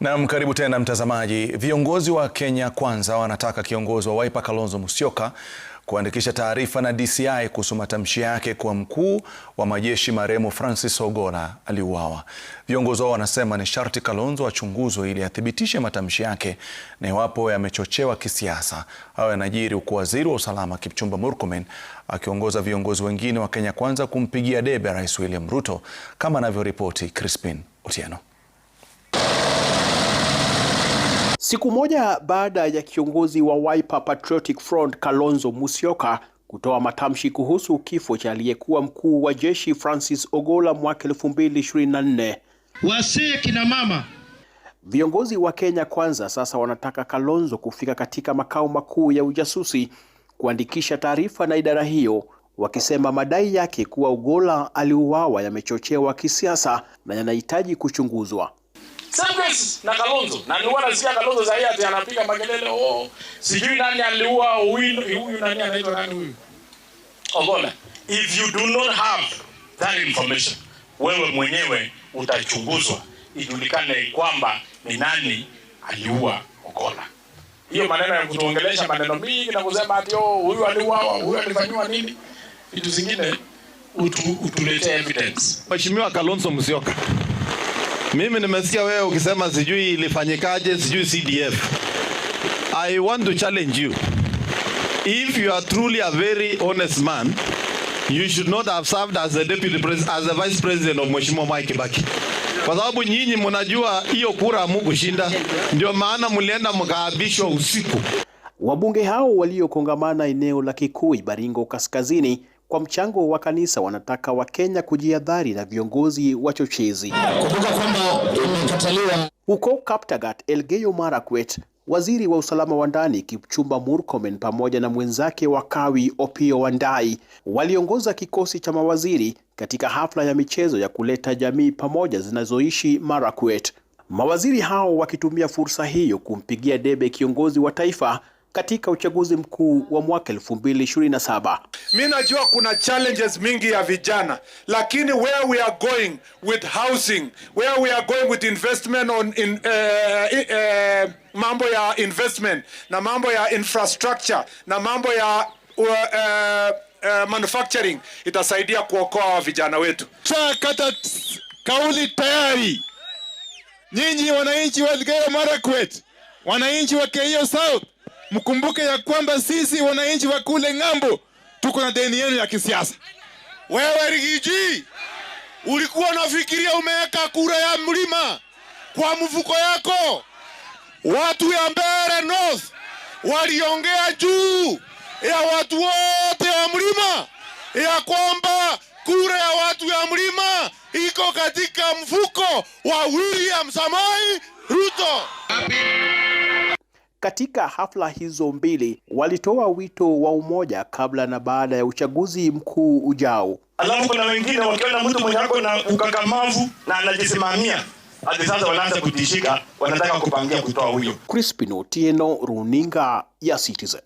Naam, karibu tena mtazamaji. Viongozi wa Kenya Kwanza wanataka kiongozi wa Wiper Kalonzo Musyoka kuandikisha taarifa na DCI kuhusu matamshi yake kwa mkuu wa majeshi marehemu Francis ogola aliuawa. Viongozi hao wanasema ni sharti Kalonzo achunguzwe ili athibitishe matamshi yake na iwapo yamechochewa kisiasa. Hayo yanajiri huku waziri wa usalama Kipchumba Murkomen akiongoza viongozi wengine wa Kenya Kwanza kumpigia debe Rais William Ruto, kama anavyoripoti Crispin Otieno. Siku moja baada ya kiongozi wa Wiper Patriotic Front Kalonzo Musyoka kutoa matamshi kuhusu kifo cha aliyekuwa mkuu wa jeshi Francis Ogola mwaka 2024. Wasee kina mama. Viongozi wa Kenya Kwanza sasa wanataka Kalonzo kufika katika makao makuu ya ujasusi kuandikisha taarifa na idara hiyo, wakisema madai yake kuwa Ogola aliuawa yamechochewa kisiasa na yanahitaji kuchunguzwa. Same na Kalonzo. Na nilikuwa nasikia Kalonzo sasa hivi anapiga makelele, oh, sijui nani aliua huyu huyu nani anaitwa nani huyu. Ogola. If you do not have that information, wewe mwenyewe utachunguzwa ijulikane kwamba ni nani aliua Ogola. Hiyo maneno ya kutuongelesha maneno mingi na kusema ati oh, huyu aliuawa, huyu alifanywa nini, vitu zingine utu, utuletee evidence. Mheshimiwa Kalonzo Musyoka mimi nimesikia wewe ukisema sijui ilifanyikaje, sijui CDF. I want to challenge you. If you are truly a very honest man, you should not have served as the deputy president, as the vice president of Mheshimiwa Mwai Kibaki. Kwa sababu nyinyi mnajua hiyo kura hamukushinda, ndio maana mlienda mkaabishwa usiku. Wabunge hao waliokongamana eneo la Kikui Baringo Kaskazini kwa mchango wa kanisa wanataka Wakenya kujihadhari na viongozi wachochezi. Kumbuka kwamba Huko Kaptagat, Elgeyo Marakwet, waziri wa usalama wa ndani Kipchumba Murkomen pamoja na mwenzake wa Kawi opio Wandayi waliongoza kikosi cha mawaziri katika hafla ya michezo ya kuleta jamii pamoja zinazoishi Marakwet. Mawaziri hao wakitumia fursa hiyo kumpigia debe kiongozi wa taifa katika uchaguzi mkuu wa mwaka 2027. Mimi najua kuna challenges mingi ya vijana, lakini where we are going with housing, where we are going with investment on in, uh, uh, mambo ya investment na mambo ya infrastructure na mambo ya uh, uh, uh, manufacturing itasaidia kuokoa wa vijana wetu. Kata kauli tayari, nyinyi wananchi wa Elgeyo Marakwet, wananchi wa Keio South mkumbuke ya kwamba sisi wananchi wa kule ng'ambo tuko na deni yenu ya kisiasa. Wewe Rigiji, ulikuwa unafikiria umeweka kura ya mlima kwa mfuko yako? Watu ya Mbeere North waliongea juu ya watu wote wa mlima ya kwamba kura ya watu ya mlima iko katika mfuko wa William Samoi Ruto. Katika hafla hizo mbili walitoa wito wa umoja kabla na baada ya uchaguzi mkuu ujao. Alafu kuna wengine wakiona mtu mwenye ako na ukakamavu na anajisimamia hadi sasa wanaanza kutishika, wanataka kupangia kutoa huyo. Crispin Otieno, runinga ya Citizen.